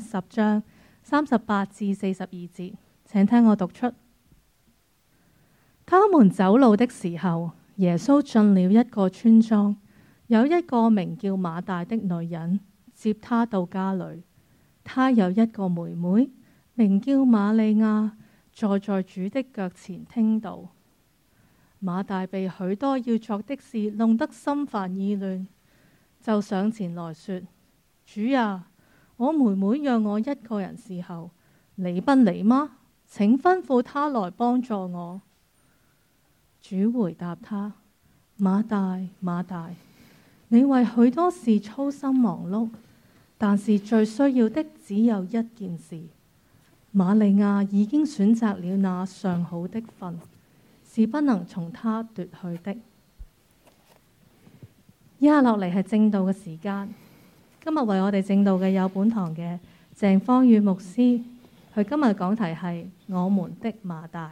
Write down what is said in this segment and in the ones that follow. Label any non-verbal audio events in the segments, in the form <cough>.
十章三十八至四十二節，請聽我讀出。他們走路的時候，耶穌進了一個村莊，有一個名叫馬大的女人接他到家裏。她有一個妹妹，名叫瑪利亞，坐在主的腳前聽道。馬大被許多要做的事弄得心煩意亂，就上前來說：主呀、啊！我妹妹讓我一個人侍候，你不理嗎？請吩咐她來幫助我。主回答她：「馬大，馬大，你為許多事操心忙碌，但是最需要的只有一件事。瑪利亞已經選擇了那上好的份，是不能從他奪去的。」接下嚟係正道嘅時間。今日為我哋正道嘅有本堂嘅鄭芳宇牧師，佢今日講題係「我們的馬大」。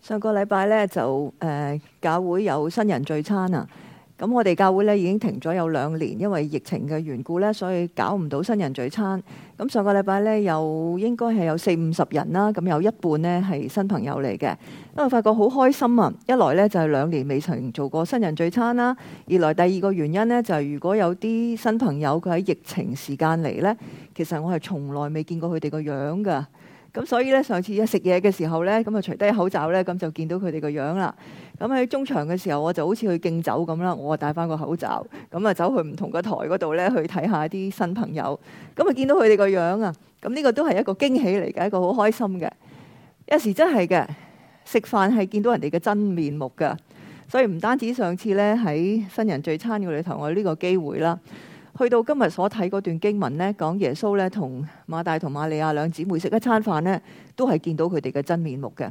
上個禮拜呢，就、呃、教會有新人聚餐啊。咁我哋教會咧已經停咗有兩年，因為疫情嘅緣故咧，所以搞唔到新人聚餐。咁上個禮拜咧有應該係有四五十人啦，咁有一半咧係新朋友嚟嘅。因為我發覺好開心啊！一來咧就係、是、兩年未曾做過新人聚餐啦，二來第二個原因咧就係、是、如果有啲新朋友佢喺疫情時間嚟咧，其實我係從來未見過佢哋個樣㗎。咁所以咧，上次一食嘢嘅時候咧，咁啊除低口罩咧，咁就見到佢哋個樣啦。咁喺中場嘅時候，我就好似去敬酒咁啦，我啊戴翻個口罩，咁啊走去唔同個台嗰度咧，去睇下啲新朋友。咁啊見到佢哋個樣啊，咁呢個都係一個驚喜嚟嘅，一個好開心嘅。有時真係嘅，食飯係見到人哋嘅真面目㗎，所以唔單止上次咧喺新人聚餐嘅裏頭，同我呢個機會啦。去到今日所睇嗰段經文呢，講耶穌呢同馬大同瑪利亞兩姊妹食一餐飯呢，都係見到佢哋嘅真面目嘅。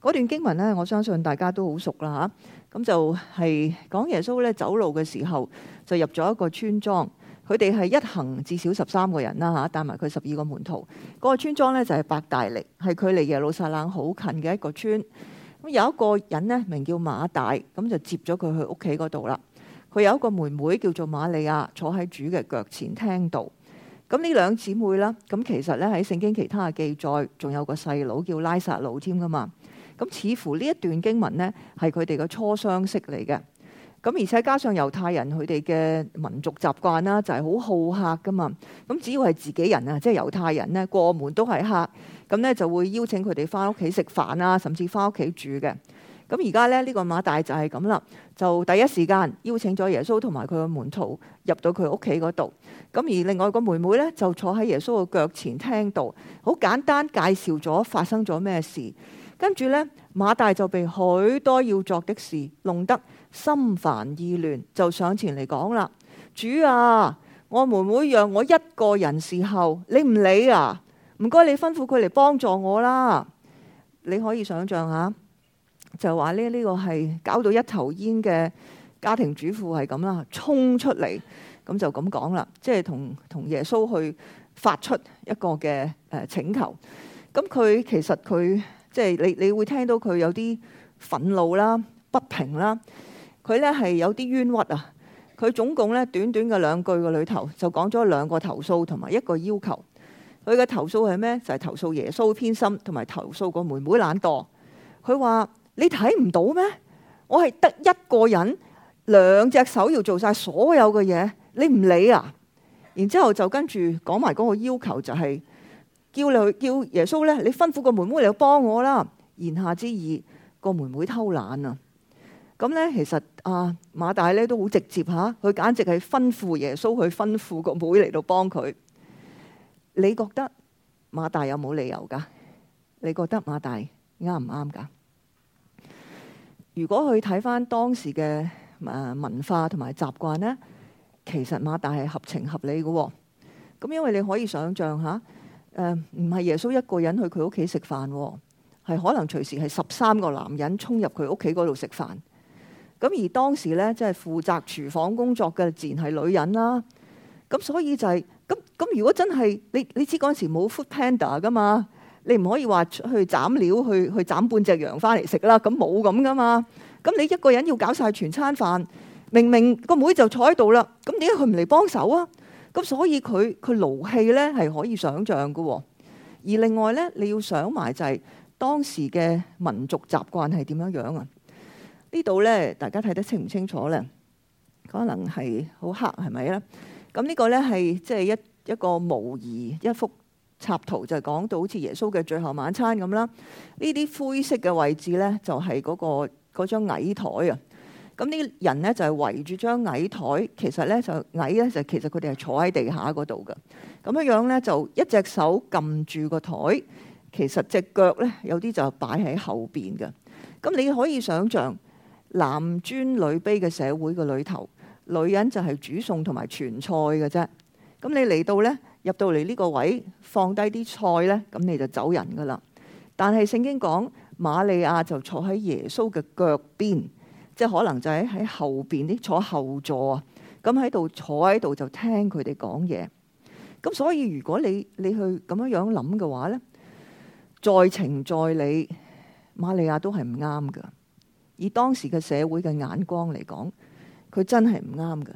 嗰段經文呢，我相信大家都好熟啦嚇。咁就係講耶穌呢走路嘅時候，就入咗一個村莊。佢哋係一行至少十三個人啦嚇，帶埋佢十二個門徒。嗰、那個村莊呢，就係伯大尼，係距離耶路撒冷好近嘅一個村。咁有一個人呢，名叫馬大，咁就接咗佢去屋企嗰度啦。佢有一個妹妹叫做瑪利亞，坐喺主嘅腳前聽道。咁呢兩姊妹啦，咁其實咧喺聖經其他嘅記載，仲有一個細佬叫拉撒路添噶嘛。咁似乎呢一段經文呢，係佢哋嘅初相識嚟嘅。咁而且加上猶太人佢哋嘅民族習慣啦，就係好好客噶嘛。咁只要係自己人啊，即係猶太人呢，過門都係客。咁呢就會邀請佢哋翻屋企食飯啊，甚至翻屋企住嘅。咁而家呢，呢個馬大就係咁啦，就第一時間邀請咗耶穌同埋佢嘅門徒入到佢屋企嗰度。咁而另外個妹妹呢，就坐喺耶穌嘅腳前聽到，好簡單介紹咗發生咗咩事。跟住呢，馬大就被許多要作的事弄得心煩意亂，就上前嚟講啦：主啊，我妹妹讓我一個人侍候，你唔理啊？唔該你吩咐佢嚟幫助我啦。你可以想象下。就話呢個係搞到一頭煙嘅家庭主婦係咁啦，衝出嚟咁就咁講啦，即係同同耶穌去發出一個嘅請求。咁佢其實佢即係你你會聽到佢有啲憤怒啦、不平啦，佢咧係有啲冤屈啊。佢總共咧短短嘅兩句嘅裏頭，就講咗兩個投訴同埋一個要求。佢嘅投訴係咩？就係投訴耶穌偏心，同埋投訴個妹妹懶惰。佢話。你睇唔到咩？我係得一個人，兩隻手要做晒所有嘅嘢，你唔理啊？然之後就跟住講埋嗰個要求，就是，就係叫你去，叫耶穌呢，你吩咐個妹妹嚟到幫我啦。言下之意，個妹妹偷懶啊！咁呢，其實啊，馬大咧都好直接吓，佢、啊、簡直係吩咐耶穌去吩咐個妹嚟到幫佢。你覺得馬大有冇理由噶？你覺得馬大啱唔啱噶？如果去睇翻當時嘅誒文化同埋習慣呢，其實馬大係合情合理嘅喎、哦。咁因為你可以想象吓，誒唔係耶穌一個人去佢屋企食飯、哦，係可能隨時係十三個男人衝入佢屋企嗰度食飯。咁而當時呢，即、就、係、係、負責廚房工作嘅自然係女人啦、啊。咁所以就係咁咁，如果真係你你知嗰陣時冇 Foodpanda 噶嘛。你唔可以話去斬料，去去斬半隻羊返嚟食啦。咁冇咁㗎嘛？咁你一個人要搞晒全餐飯，明明個妹就坐喺度啦。咁點解佢唔嚟幫手啊？咁所以佢佢勞氣呢係可以想像㗎。而另外呢，你要想埋就係當時嘅民族習慣係點樣樣啊？呢度呢，大家睇得清唔清楚呢？可能係好黑係咪呢？咁呢個呢係即係一一個模擬一幅。插圖就講到好似耶穌嘅最後晚餐咁啦，呢啲灰色嘅位置呢、那個，那張那些就係嗰個嗰張矮台啊。咁呢啲人呢，就係圍住張矮台，其實呢，矮就矮呢，就其實佢哋係坐喺地下嗰度嘅。咁樣樣呢，就一隻手撳住個台，其實在隻腳呢，有啲就擺喺後邊嘅。咁你可以想像男尊女卑嘅社會嘅裏頭，女人就係煮餸同埋傳菜嘅啫。咁你嚟到呢。入到嚟呢個位，放低啲菜呢，咁你就走人噶啦。但係聖經講，瑪利亞就坐喺耶穌嘅腳邊，即係可能就喺喺後邊啲坐後座啊。咁喺度坐喺度就聽佢哋講嘢。咁所以如果你你去咁樣樣諗嘅話呢，在情在理，瑪利亞都係唔啱噶。以當時嘅社會嘅眼光嚟講，佢真係唔啱噶。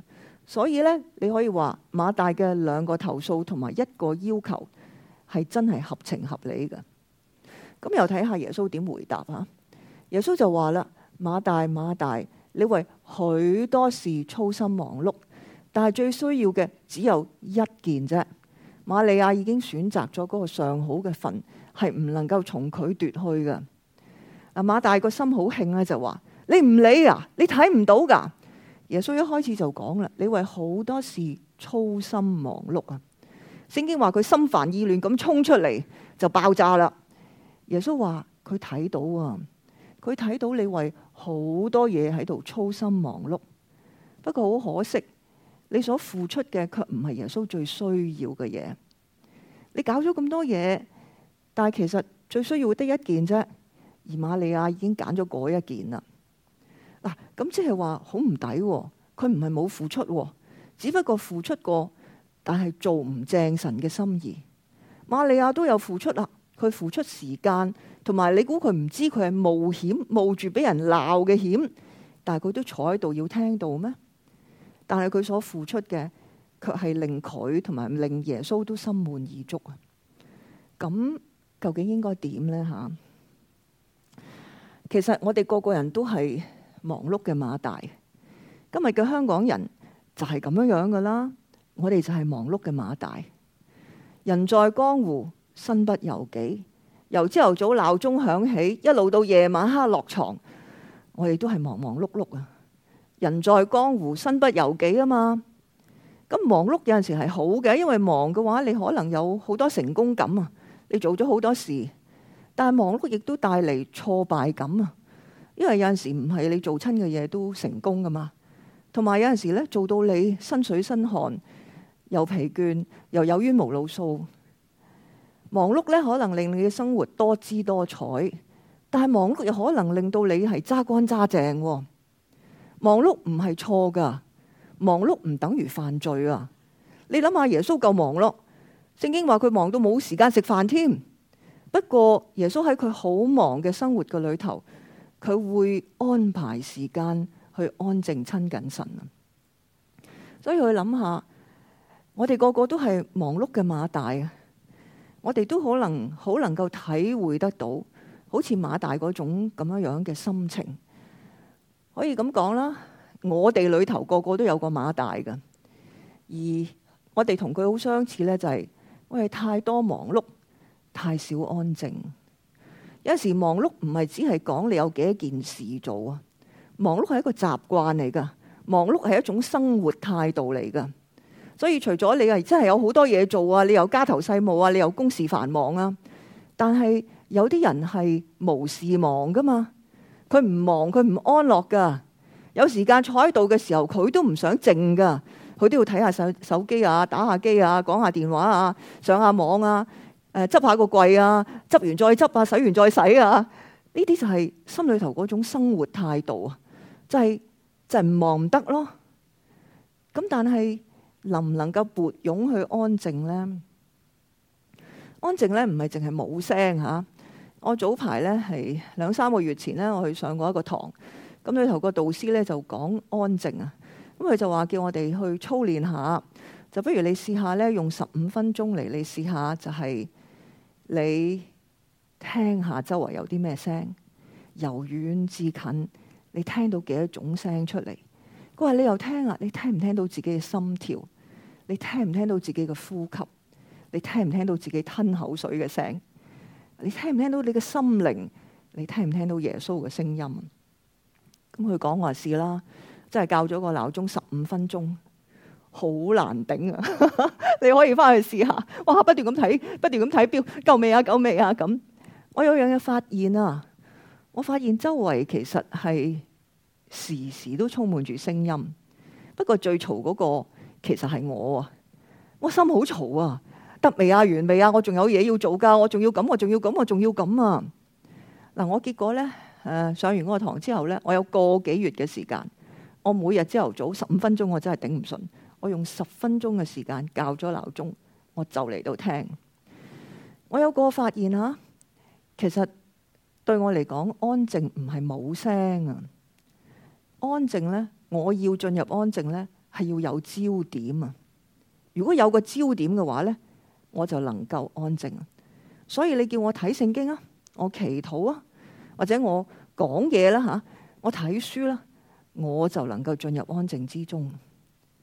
所以咧，你可以話馬大嘅兩個投訴同埋一個要求係真係合情合理嘅。咁又睇下耶穌點回答啊？耶穌就話啦：馬大馬大，你為許多事操心忙碌，但係最需要嘅只有一件啫。瑪利亞已經選擇咗嗰個上好嘅份，係唔能夠從佢奪去嘅。啊，馬大個心好興啊，就話：你唔理啊，你睇唔到噶，啊。耶穌一開始就講啦，你為好多事操心忙碌啊！聖經話佢心煩意亂，咁衝出嚟就爆炸啦。耶穌話佢睇到啊，佢睇到你為好多嘢喺度操心忙碌，不過好可惜，你所付出嘅卻唔係耶穌最需要嘅嘢。你搞咗咁多嘢，但係其實最需要嘅得一件啫。而瑪利亞已經揀咗嗰一件啦。咁即係話好唔抵，佢唔係冇付出，只不過付出過，但係做唔正神嘅心意。瑪利亞都有付出啦，佢付出時間，同埋你估佢唔知佢係冒險，冒住俾人鬧嘅險，但係佢都坐喺度要聽到咩？但係佢所付出嘅，卻係令佢同埋令耶穌都心滿意足啊！咁究竟應該點呢？吓？其實我哋個個人都係。忙碌嘅馬大，今日嘅香港人就係咁樣樣噶啦。我哋就係忙碌嘅馬大，人在江湖身不由己。由朝頭早鬧鐘響起，一路到夜晚黑落床，我哋都係忙忙碌碌啊！人在江湖身不由己啊嘛。咁忙碌有陣時係好嘅，因為忙嘅話，你可能有好多成功感啊。你做咗好多事，但係忙碌亦都帶嚟挫敗感啊。因為有陣時唔係你做親嘅嘢都成功噶嘛，有有，同埋有陣時咧，做到你身水身汗又疲倦，又有冤無路數。忙碌咧，可能令你嘅生活多姿多彩。但係忙碌又可能令到你係揸乾揸淨。忙碌唔係錯噶，忙碌唔等於犯罪啊。你諗下，耶穌夠忙碌，聖經話佢忙到冇時間食飯添。不過耶穌喺佢好忙嘅生活嘅裏頭。佢會安排時間去安靜親近神啊，所以去諗下，我哋個個都係忙碌嘅馬大啊，我哋都可能好能夠體會得到，好似馬大嗰種咁樣樣嘅心情，可以咁講啦，我哋裏頭個個都有個馬大嘅，而我哋同佢好相似呢，就係我哋太多忙碌，太少安靜。有時忙碌唔係只係講你有幾多件事做啊！忙碌係一個習慣嚟㗎，忙碌係一種生活態度嚟㗎。所以除咗你係真係有好多嘢做啊，你又家頭細務啊，你又公事繁忙啊，但係有啲人係無事忙㗎嘛。佢唔忙佢唔安樂㗎，有時間坐喺度嘅時候佢都唔想靜㗎，佢都要睇下手手機啊，打下機啊，講下電話啊，上下網啊。誒，執下個櫃啊，執完再執啊，洗完再洗啊，呢啲就係心裏頭嗰種生活態度啊，就係、就係唔忙唔得咯。咁但係能唔能夠撥冗去安靜呢？安靜呢，唔係淨係冇聲嚇。我早排呢，係兩三個月前呢，我去上過一個堂，咁裏頭個導師呢，就講安靜啊。咁佢就話叫我哋去操練下，就不如你試下呢，用十五分鐘嚟你試下就係、是。你聽下周圍有啲咩聲，由遠至近，你聽到幾多種聲出嚟？佢話你又聽啊，你聽唔聽到自己嘅心跳？你聽唔聽到自己嘅呼吸？你聽唔聽到自己吞口水嘅聲？你聽唔聽到你嘅心靈？你聽唔聽到耶穌嘅聲音？咁佢講話話試啦，真係校咗個鬧鐘十五分鐘。好難頂啊！ <laughs> 你可以翻去試下，哇！不斷咁睇，不斷咁睇錶，夠未啊？夠未啊？咁，我有樣嘢發現啊。我發現周圍其實係時時都充滿住聲音，不過最嘈嗰個其實係我啊！我心好嘈啊！得未啊？完未啊？我仲有嘢要做噶，我仲要咁，我仲要咁，我仲要咁啊！嗱，我結果呢，誒、呃，上完嗰個堂之後呢，我有個幾月嘅時間，我每日朝頭早十五分鐘，我真係頂唔順。我用十分鐘嘅時間校咗鬧鐘，我就嚟到聽。我有個發現吓，其實對我嚟講，安靜唔係冇聲啊。安靜呢，我要進入安靜呢，係要有焦點啊。如果有個焦點嘅話呢，我就能夠安靜。所以你叫我睇聖經啊，我祈禱啊，或者我講嘢啦吓，我睇書啦，我就能夠進入安靜之中。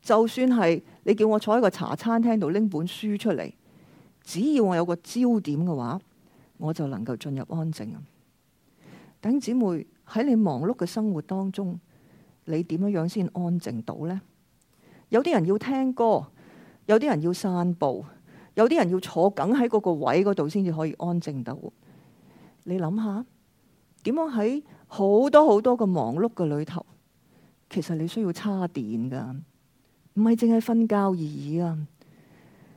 就算係你叫我坐喺個茶餐廳度拎本書出嚟，只要我有個焦點嘅話，我就能夠進入安靜。弟兄姊妹喺你忙碌嘅生活當中，你點樣樣先安靜到呢？有啲人要聽歌，有啲人要散步，有啲人要坐緊喺嗰個位嗰度先至可以安靜到。你諗下，點樣喺好多好多嘅忙碌嘅裏頭，其實你需要插電噶。唔係淨係瞓覺而已啊！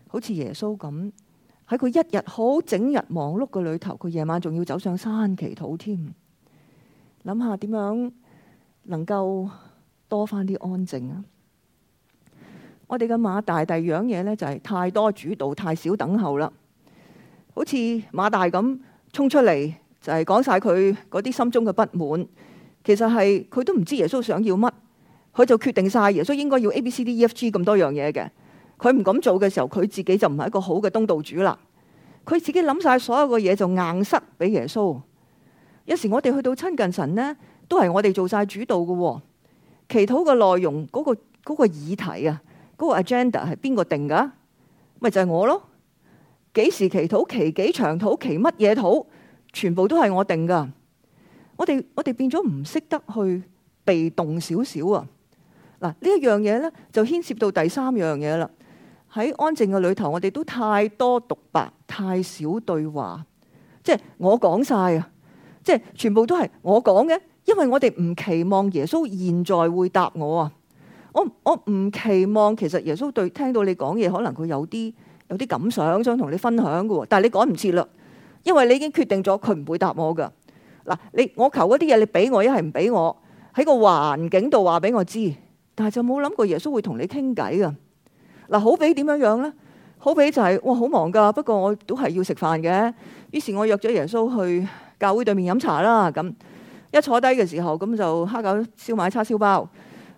好似耶穌咁，喺佢一日好整日忙碌嘅裏頭，佢夜晚仲要走上山祈禱添。諗下點樣能夠多返啲安靜啊！我哋嘅馬大第二樣嘢呢，就係、是、太多主導，太少等候啦。好似馬大咁衝出嚟就係講晒佢嗰啲心中嘅不滿，其實係佢都唔知耶穌想要乜。佢就決定曬耶穌應該要 A、B、C、D、E、F、G 咁多樣嘢嘅，佢唔敢做嘅時候，佢自己就唔係一個好嘅東道主啦。佢自己諗晒所有嘅嘢就硬塞俾耶穌。有時我哋去到親近神呢，都係我哋做晒主導嘅喎。祈禱嘅內容，嗰個嗰個議題啊，嗰個 agenda 係邊個定㗎？咪就係我咯。幾時祈禱？祈幾長禱？祈乜嘢禱？全部都係我定㗎。我哋我哋變咗唔識得去被動少少啊！嗱，呢一樣嘢咧就牽涉到第三樣嘢啦。喺安靜嘅裏頭，我哋都太多獨白，太少對話。即係我講晒啊，即係全部都係我講嘅，因為我哋唔期望耶穌現在會答我啊。我我唔期望其實耶穌對聽到你講嘢，可能佢有啲有啲感想想同你分享嘅，但係你趕唔切啦，因為你已經決定咗佢唔會答我噶嗱，你我求嗰啲嘢，你俾我在一係唔俾我喺個環境度話俾我知。就冇諗過耶穌會同你傾偈㗎。嗱，好比點樣樣呢？好比就係哇，好忙噶，不過我都係要食飯嘅。於是我約咗耶穌去教會對面飲茶啦。咁一坐低嘅時候，咁就黑狗燒賣叉燒包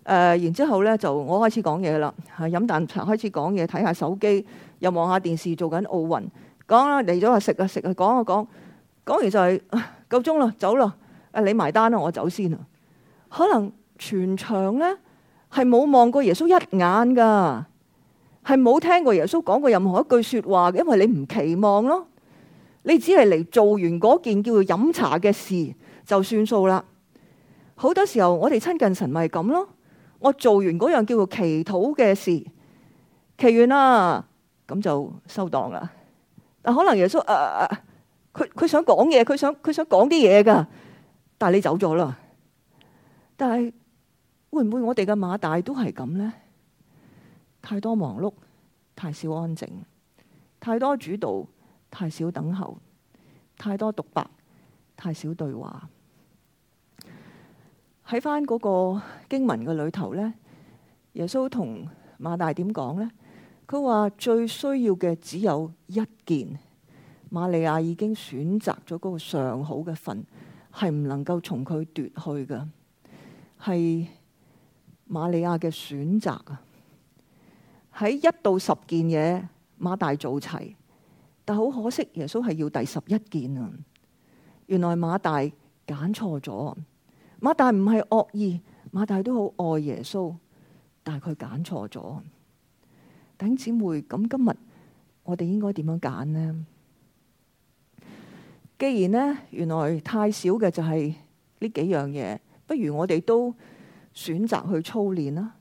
誒。然之後呢就我開始講嘢啦，係飲啖茶開始講嘢，睇下手機，又望下電視做緊奧運，講啦嚟咗話食啊食啊，講啊講，講完就係夠鐘啦，走啦。誒，你埋單啦，我走先啦。可能全場呢。係冇望過耶穌一眼噶，係冇聽過耶穌講過任何一句說話嘅，因為你唔期望咯，你只係嚟做完嗰件叫做飲茶嘅事就算數啦。好多時候我哋親近神咪咁咯，我做完嗰樣叫做祈禱嘅事，祈禱完啦，咁就收檔啦。但可能耶穌誒，佢、呃、佢想講嘢，佢想佢想講啲嘢噶，但你走咗啦，但係。會唔會我哋嘅馬大都係咁呢？太多忙碌，太少安靜；太多主導，太少等候；太多獨白，太少對話。喺翻嗰個經文嘅裏頭呢，耶穌同馬大點講呢？佢話最需要嘅只有一件，瑪利亞已經選擇咗嗰個上好嘅份，係唔能夠從佢奪去嘅係。瑪利亞嘅選擇啊，喺一到十件嘢，馬大做齊，但好可惜耶穌係要第十一件啊。原來馬大揀錯咗，馬大唔係惡意，馬大都好愛耶穌，但係佢揀錯咗。弟兄姊妹，咁今日我哋應該點樣揀呢？既然呢原來太少嘅就係呢幾樣嘢，不如我哋都。選擇去操練啦，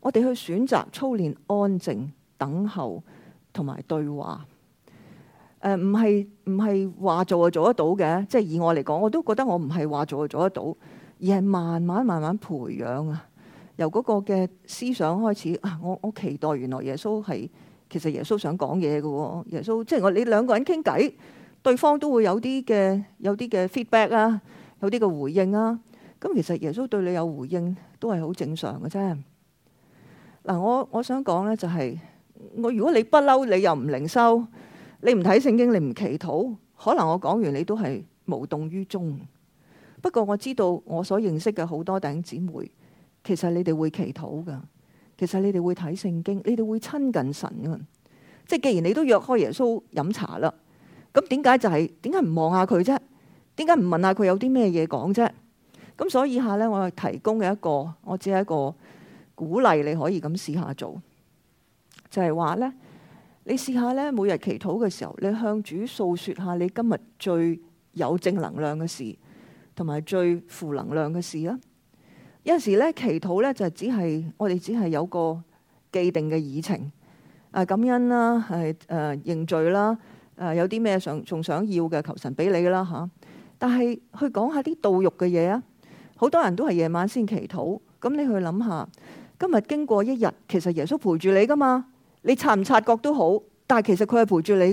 我哋去選擇操練安靜等候同埋對話。誒、呃，唔係唔係話做就做得到嘅，即係以我嚟講，我都覺得我唔係話做就做得到，而係慢慢慢慢培養啊。由嗰個嘅思想開始啊，我我期待原來耶穌係，其實耶穌想講嘢嘅喎。耶穌，即係我你兩個人傾偈，對方都會有啲嘅有啲嘅 feedback 啊，有啲嘅回應啊。咁其實耶穌對你有回應都係好正常嘅啫。嗱，我我想講呢就係、是、我如果你不嬲你又唔靈修，你唔睇聖經，你唔祈禱，可能我講完你都係無動於衷。不過我知道我所認識嘅好多弟兄姊妹，其實你哋會祈禱噶，其實你哋會睇聖經，你哋會親近神噶。即係既然你都約開耶穌飲茶啦，咁點解就係點解唔望下佢啫？點解唔問下佢有啲咩嘢講啫？咁所以下咧，我提供嘅一個，我只係一個鼓勵你可以咁試下做，就係話咧，你試下咧，每日祈禱嘅時候，你向主訴說下你今日最有正能量嘅事，同埋最負能量嘅事啊！有陣時咧，祈禱咧就只係我哋只係有個既定嘅議程，啊感恩啦，係誒認罪啦，誒有啲咩想仲想要嘅，求神俾你啦吓，但係去講下啲道欲嘅嘢啊！好多人都係夜晚先祈禱，咁你去諗下，今日經過一日，其實耶穌陪住你噶嘛。你察唔察覺都好，但係其實佢係陪住你嘅。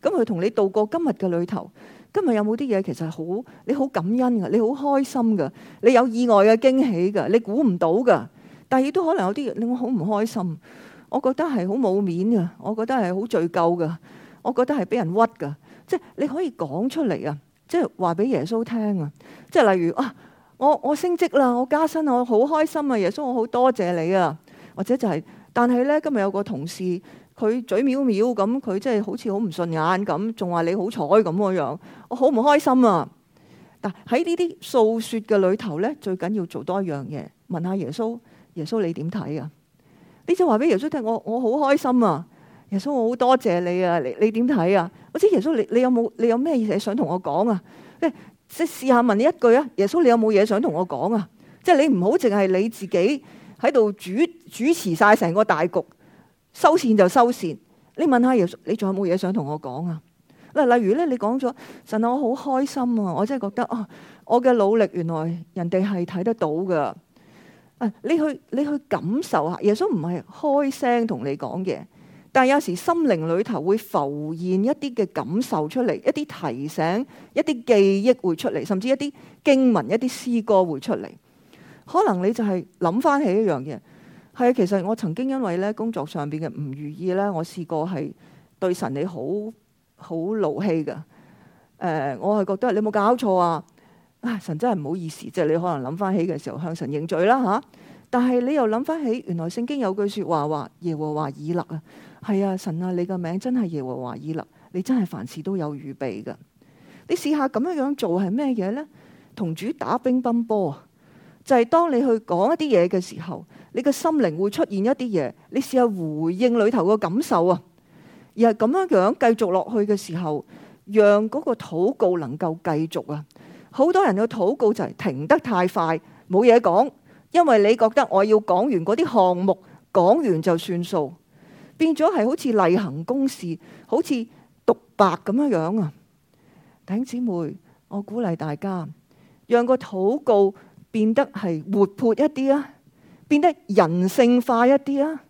咁佢同你度過今日嘅旅途，今日有冇啲嘢其實好你好感恩嘅，你好開心嘅，你有意外嘅驚喜嘅，你估唔到嘅。但係亦都可能有啲嘢令我好唔開心。我覺得係好冇面嘅，我覺得係好罪疚嘅，我覺得係俾人屈嘅。即係你可以講出嚟啊，即係話俾耶穌聽啊。即係例如啊。我我升職啦，我加薪，我好開心啊！耶穌，我好多謝你啊！或者就係、是，但係呢，今日有個同事，佢嘴藐藐咁，佢真係好似好唔順眼咁，仲話你好彩咁嘅樣，我好唔開心啊！但喺呢啲訴說嘅裏頭呢，最緊要做多一樣嘢，問下耶穌，耶穌你點睇啊？你就話俾耶穌聽，我我好開心啊！耶穌，我好多謝你啊！你你點睇啊？或者耶穌，你你有冇你有咩嘢想同我講啊？即試下問你一句啊，耶穌，你有冇嘢想同我講啊？即係你唔好淨係你自己喺度主主持晒成個大局，收線就收線。你問下耶穌，你仲有冇嘢想同我講啊？嗱，例如咧，你講咗神啊，我好開心啊！我真係覺得哦，我嘅努力原來人哋係睇得到噶。啊，你去你去感受下耶穌，唔係開聲同你講嘅。但有時心靈裏頭會浮現一啲嘅感受出嚟，一啲提醒、一啲記憶會出嚟，甚至一啲經文、一啲詩歌會出嚟。可能你就係諗翻起一樣嘢，係啊，其實我曾經因為咧工作上邊嘅唔如意咧，我試過係對神你好好怒氣㗎。呃。我係覺得你冇搞錯啊！啊，神真係唔好意思即係。你可能諗翻起嘅時候向神認罪啦嚇。但係你又諗翻起，原來聖經有句說話話耶和華以勒啊。係啊，神啊，你個名真係耶和華以勒，你真係凡事都有預備噶。你試下咁樣樣做係咩嘢呢？同主打乒乓波啊，就係當你去講一啲嘢嘅時候，你個心靈會出現一啲嘢。你試下回應裏頭個感受啊，而係咁樣樣繼續落去嘅時候，讓嗰個禱告能夠繼續啊。好多人嘅禱告就係停得太快，冇嘢講，因為你覺得我要講完嗰啲項目，講完就算數。變咗係好似例行公事，好似獨白咁樣樣啊！弟兄姊妹，我鼓勵大家，讓個禱告變得係活潑一啲啊，變得人性化一啲啊！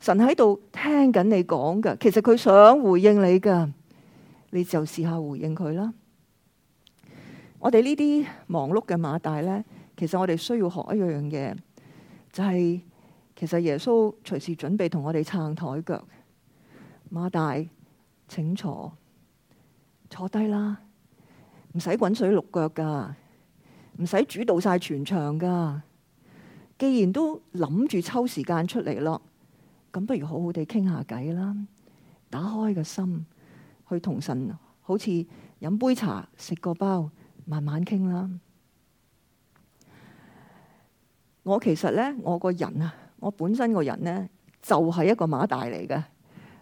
神喺度聽緊你講㗎，其實佢想回應你㗎，你就試下回應佢啦。我哋呢啲忙碌嘅馬大呢，其實我哋需要學一樣嘢，就係。其實耶穌隨時準備同我哋撐台腳，馬大，請坐，坐低啦，唔使滾水淥腳噶，唔使主導晒全場噶。既然都諗住抽時間出嚟咯，咁不如好好地傾下偈啦，打開個心去同神，好似飲杯茶、食個包，慢慢傾啦。我其實呢，我個人啊。我本身個人呢，就係一個馬大嚟嘅，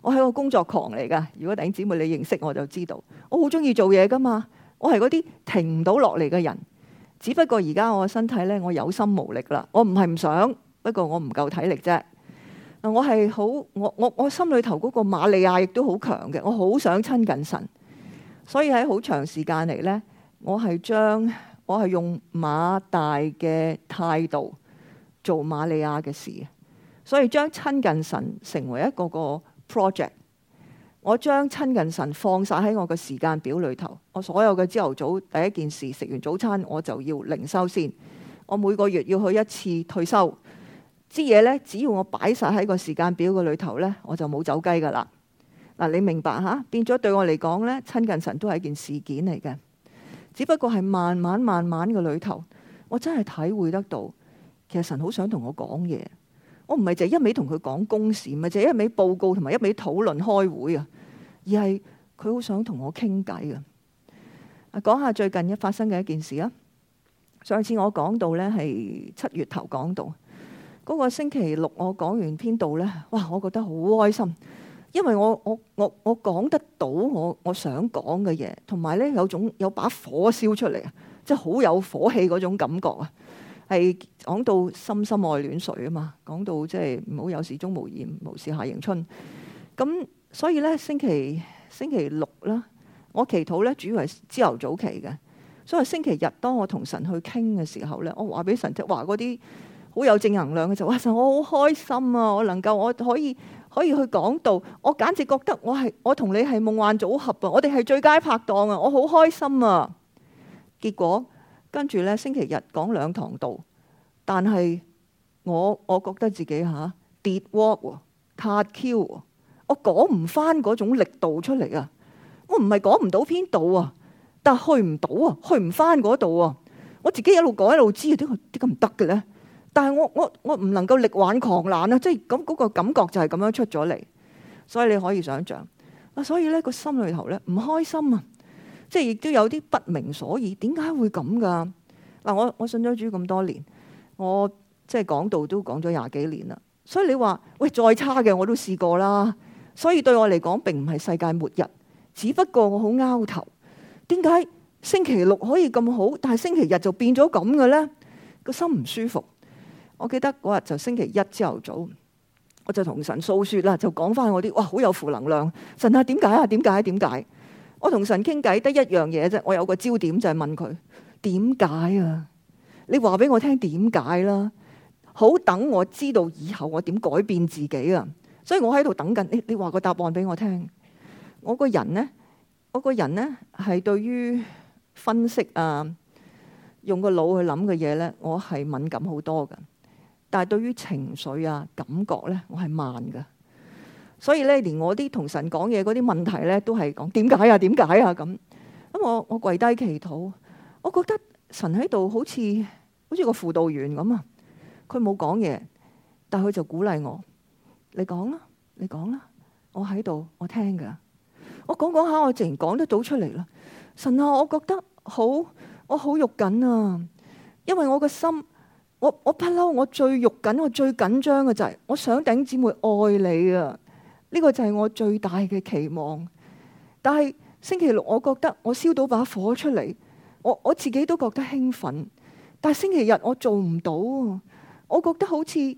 我係個工作狂嚟噶。如果弟兄姊妹你認識我就知道，我好中意做嘢噶嘛。我係嗰啲停唔到落嚟嘅人，只不過而家我嘅身體呢，我有心無力啦。我唔係唔想，不過我唔夠體力啫。我係好，我我我心裏頭嗰個瑪利亞亦都好強嘅，我好想親近神。所以喺好長時間嚟呢，我係將我係用馬大嘅態度，做瑪利亞嘅事，所以將親近神成為一個個 project。我將親近神放晒喺我嘅時間表裏頭。我所有嘅朝頭早第一件事食完早餐，我就要靈修先。我每個月要去一次退休。啲嘢呢，只要我擺晒喺個時間表個裏頭呢，我就冇走雞噶啦。嗱，你明白吓？變咗對我嚟講呢，親近神都係一件事件嚟嘅，只不過係慢慢慢慢嘅裏頭，我真係體會得到。其實神好想同我講嘢，我唔係就一味同佢講公事，唔係就一味報告同埋一味討論開會啊，而係佢好想同我傾偈啊。講下最近嘅發生嘅一件事啊。上次我講到呢係七月頭講到，嗰個星期六我講完篇度呢，哇！我覺得好開心，因為我我我我講得到我我想講嘅嘢，同埋呢有種有把火燒出嚟啊，即係好有火氣嗰種感覺啊。係講到深深愛戀水啊嘛，講到即係唔好有事鍾無艷，無事夏迎春。咁所以咧，星期星期六啦，我祈禱咧主要係朝頭早期嘅。所以星期日當我同神去傾嘅時候咧，我話俾神聽話嗰啲好有正能量嘅就話神，我好開心啊！我能夠我可以可以去講道。」我簡直覺得我係我同你係夢幻組合啊！我哋係最佳拍檔啊！我好開心啊！結果。跟住咧，星期日講兩堂道，但係我我覺得自己嚇跌、啊、walk 卡 q，我講唔翻嗰種力度出嚟啊！我唔係講唔到篇道啊，但係去唔到啊，去唔翻嗰度啊！我自己一路講一路知啊，點解點解唔得嘅咧？但係我我我唔能夠力挽狂瀾啊！即係咁嗰個感覺就係咁樣出咗嚟，所以你可以想象啊！所以咧個心裡頭咧唔開心啊！即係亦都有啲不明所以，點解會咁噶？嗱，我我信咗主咁多年，我即係講道都講咗廿幾年啦。所以你話喂，再差嘅我都試過啦。所以對我嚟講並唔係世界末日，只不過我好拗頭。點解星期六可以咁好，但係星期日就變咗咁嘅咧？個心唔舒服。我記得嗰日就星期一朝頭早，我就同神訴説啦，就講翻我啲哇好有負能量。神啊，點解啊？點解啊？點解啊？我同神傾偈得一樣嘢啫，我有個焦點就係問佢點解啊？你話俾我聽點解啦？好等我知道以後我點改變自己啊！所以我喺度等緊，你你話個答案俾我聽。我個人呢，我個人呢，係對於分析啊，用個腦去諗嘅嘢呢，我係敏感好多噶，但係對於情緒啊、感覺呢，我係慢噶。所以咧，連我啲同神講嘢嗰啲問題咧，都係講點解啊？點解啊？咁咁，我我跪低祈禱，我覺得神喺度好似好似個輔導員咁啊。佢冇講嘢，但係佢就鼓勵我。你講啦，你講啦，我喺度，我聽噶。我講講下，我自然講得到出嚟啦。神啊，我覺得好我好肉緊啊，因為我個心我我不嬲，我最肉緊，就是，我最緊張嘅就係我想頂姊妹愛你啊。呢個就係我最大嘅期望，但係星期六我覺得我燒到把火出嚟，我我自己都覺得興奮。但係星期日我做唔到，啊，我覺得好似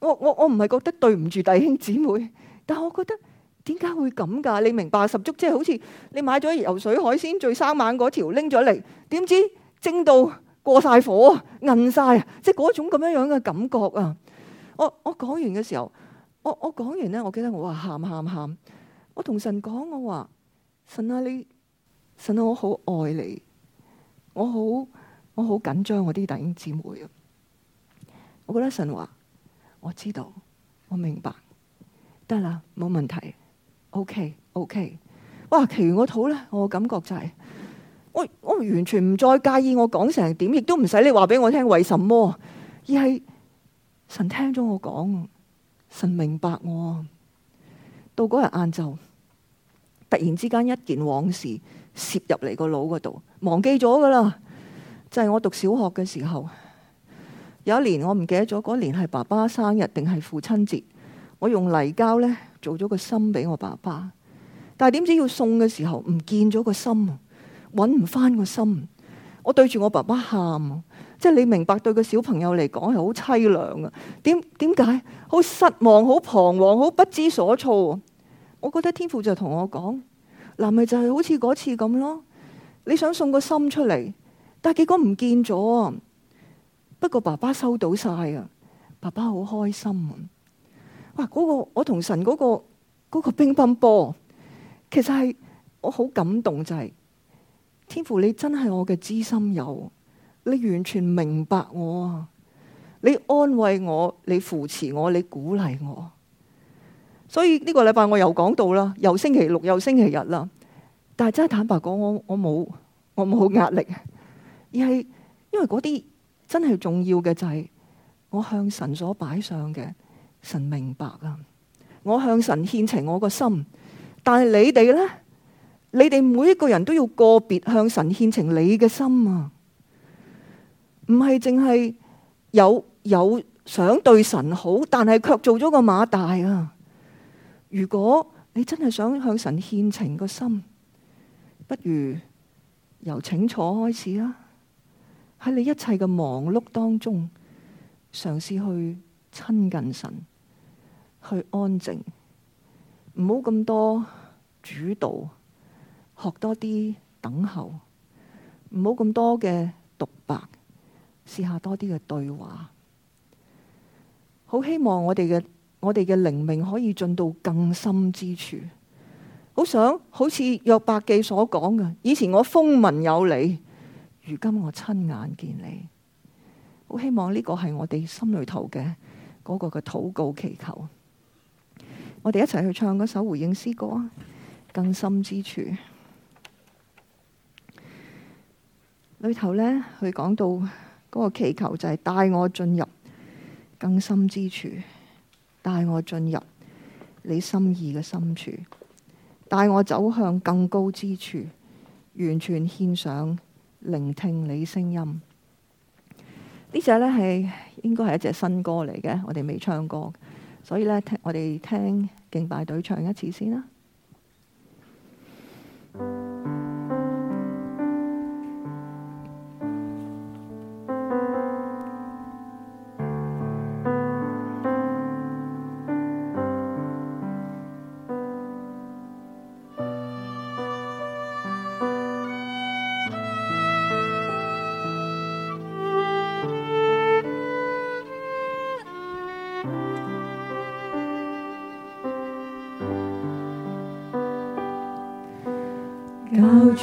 我我我唔係覺得對唔住弟兄姊妹，但係我覺得點解會咁㗎？你明白十足，即係好似你買咗游水海鮮最生猛嗰條拎咗嚟，點知蒸到過晒火，韌晒啊，即係嗰種咁樣樣嘅感覺啊！我我講完嘅時候。我我講完咧，我記得我話喊喊喊，我同神講我話神啊你神啊我好愛你，我好我好緊張我啲弟兄姊妹啊，我覺得神話我知道我明白得啦冇問題，OK OK，哇其餘我肚咧我感覺就係、是、我我完全唔再介意我講成點，亦都唔使你話俾我聽為什麼，而係神聽咗我講。神明白我，到嗰日晏晝，突然之間一件往事攝入嚟個腦嗰度，忘記咗噶啦。就係、是、我讀小學嘅時候，有一年我唔記得咗嗰年係爸爸生日定係父親節，我用泥膠呢做咗個心俾我爸爸，但係點知要送嘅時候唔見咗個心，揾唔翻個心，我對住我爸爸喊。即係你明白，對個小朋友嚟講係好淒涼嘅。點，點解？好失望，好彷徨，好不知所措。我覺得天父就同我講：嗱，咪就係好似嗰次咁咯？你想送個心出嚟，但係結果唔見咗。不過爸爸收到晒啊，爸爸好開心。哇！嗰、嗰個我同神嗰、嗰個、嗰個乒乓波，其實係我好感動，就係、係、天父，你真係我嘅知心友。你完全明白我啊！你安慰我，你扶持我，你鼓勵我，所以呢個禮拜我又講到啦，又星期六又星期日啦。但係真係坦白講，我我冇我冇壓力，而係因為嗰啲真係重要嘅就係我向神所擺上嘅神明白啊。我向神獻情我個心，但係你哋咧，你哋每一個人都要個別向神獻情你嘅心啊。唔係淨係有有想對神好，但係卻做咗個馬大啊！如果你真係想向神獻情個心，不如由請坐開始啦。喺你一切嘅忙碌當中，嘗試去親近神，去安靜，唔好咁多主導，學多啲等候，唔好咁多嘅獨白。試下多啲嘅對話，好希望我哋嘅我哋嘅靈命可以進到更深之。處好想好似約伯記所講嘅，以前我風聞有你，如今我親眼見你。好希望呢個係我哋心裏頭嘅嗰個嘅禱告祈求。我哋一齊去唱嗰首回應詩歌《更深之處》裏頭呢，佢講到。嗰、那個祈求就係帶我進入更深之處，帶我進入你心意嘅深處，帶我走向更高之處，完全獻上聆聽你聲音。這呢隻呢係應該係一隻新歌嚟嘅，我哋未唱過，所以呢，我哋聽敬拜隊唱一次先啦。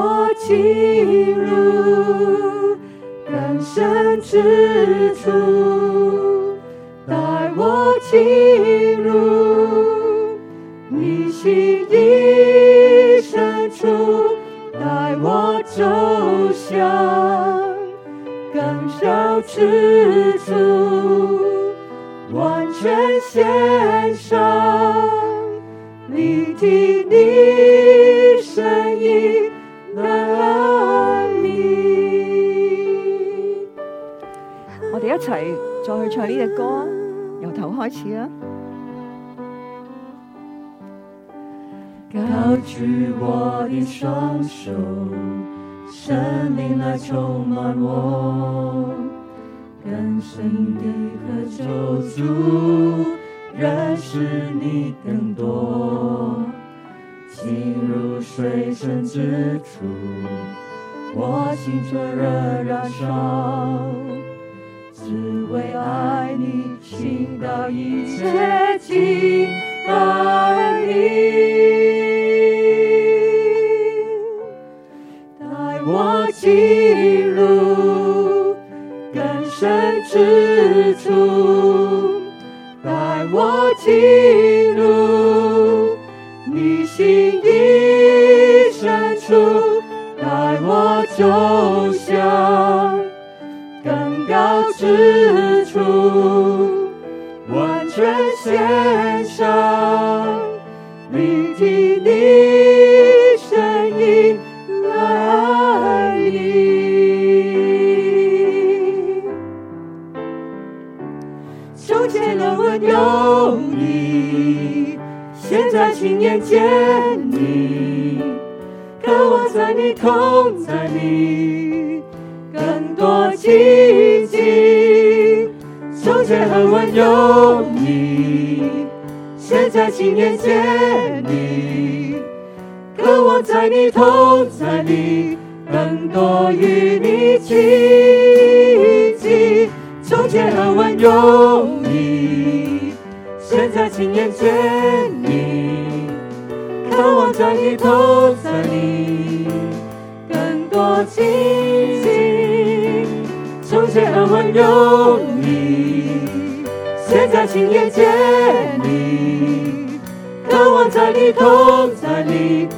我進入更深之處，帶我進入你心意深處，帶我走向更遠之處。再去唱呢隻歌，由頭開始啦。高舉我的雙手，生命來充滿我，更深的渴求，主認識你更多，進入水深之處，我心灼熱燃燒。只為愛你，傾倒一切情。渴望在請見你，更多與你同在你，更多與你親近。從前耳聞有你，現在親眼見你。渴望在你同在你，更多親近。從前耳聞有你，現在親眼見你。渴望在你同在你。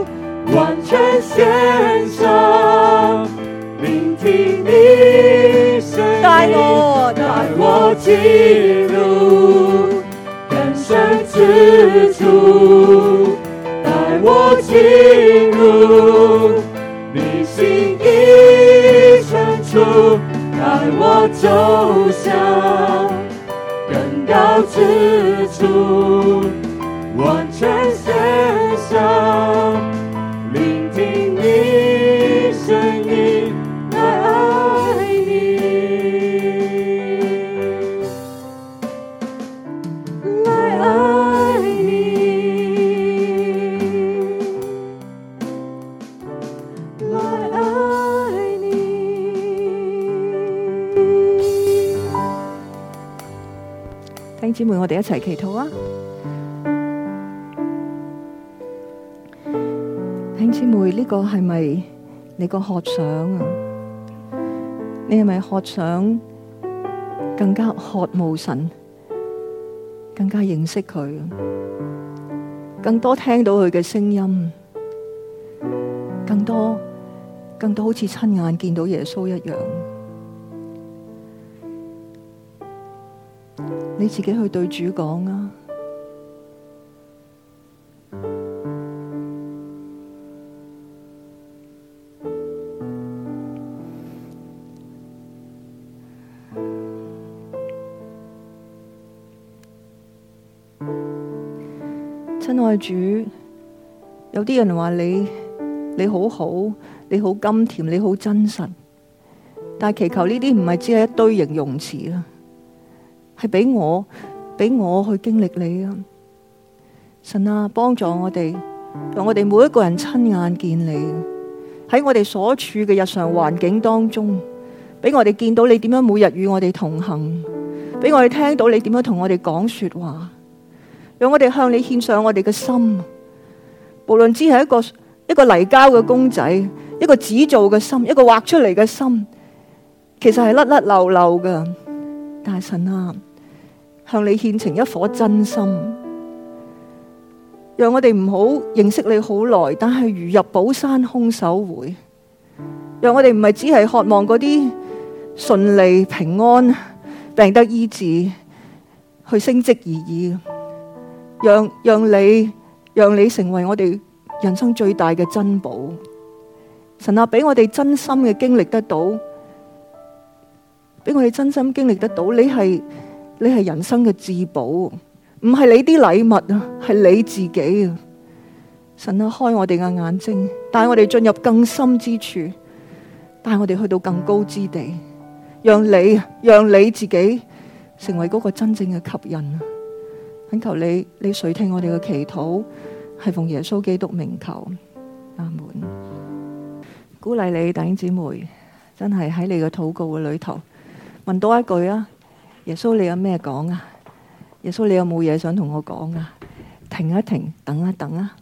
生，帶我，帶我進入更深之處，帶我進入你心的深處，帶我走向更高之處，完全獻上。兄姊妹，我哋一齊祈禱啊！兄姊妹，呢、這個係咪你個渴想啊？你係咪渴想更加渴慕神，更加認識佢，更多聽到佢嘅聲音，更多，更多好似親眼見到耶穌一樣。你自己去對主講啊！親愛主，有啲人話你你好好，你好甘甜，你好真實，但係祈求呢啲唔係只係一堆形容詞啊！係俾我俾我去經歷你啊！神啊，幫助我哋，讓我哋每一個人親眼見你喺我哋所處嘅日常環境當中，俾我哋見到你點樣每日與我哋同行，俾我哋聽到你點樣同我哋講說話，讓我哋向你獻上我哋嘅心，無論只係一個一個泥膠嘅公仔，一個紙做嘅心，一個畫出嚟嘅心，其實係甩甩漏漏㗎，大神啊！向你獻呈一顆真心，讓我哋唔好認識你好耐，但係如入寶山空手回。讓我哋唔係只係渴望嗰啲順利平安、病得醫治、去升職而已讓。讓讓你，讓你成為我哋人生最大嘅珍寶神。神啊，俾我哋真心嘅經，經歷得到，俾我哋真心經歷得到，你係。你係人生嘅至寶，唔係你啲禮物啊，係你自己啊！神啊，開我哋嘅眼睛，帶我哋進入更深之處，帶我哋去到更高之地，讓你啊，讓你自己成為嗰個真正嘅吸引啊！懇求你，你垂聽我哋嘅祈禱，係奉耶穌基督名求。阿門。鼓勵你弟兄姊妹，真係喺你嘅禱告裏頭，問多一句啊！耶穌，你有咩講啊？耶穌，你有冇嘢想同我講啊？停一停，等一等啊！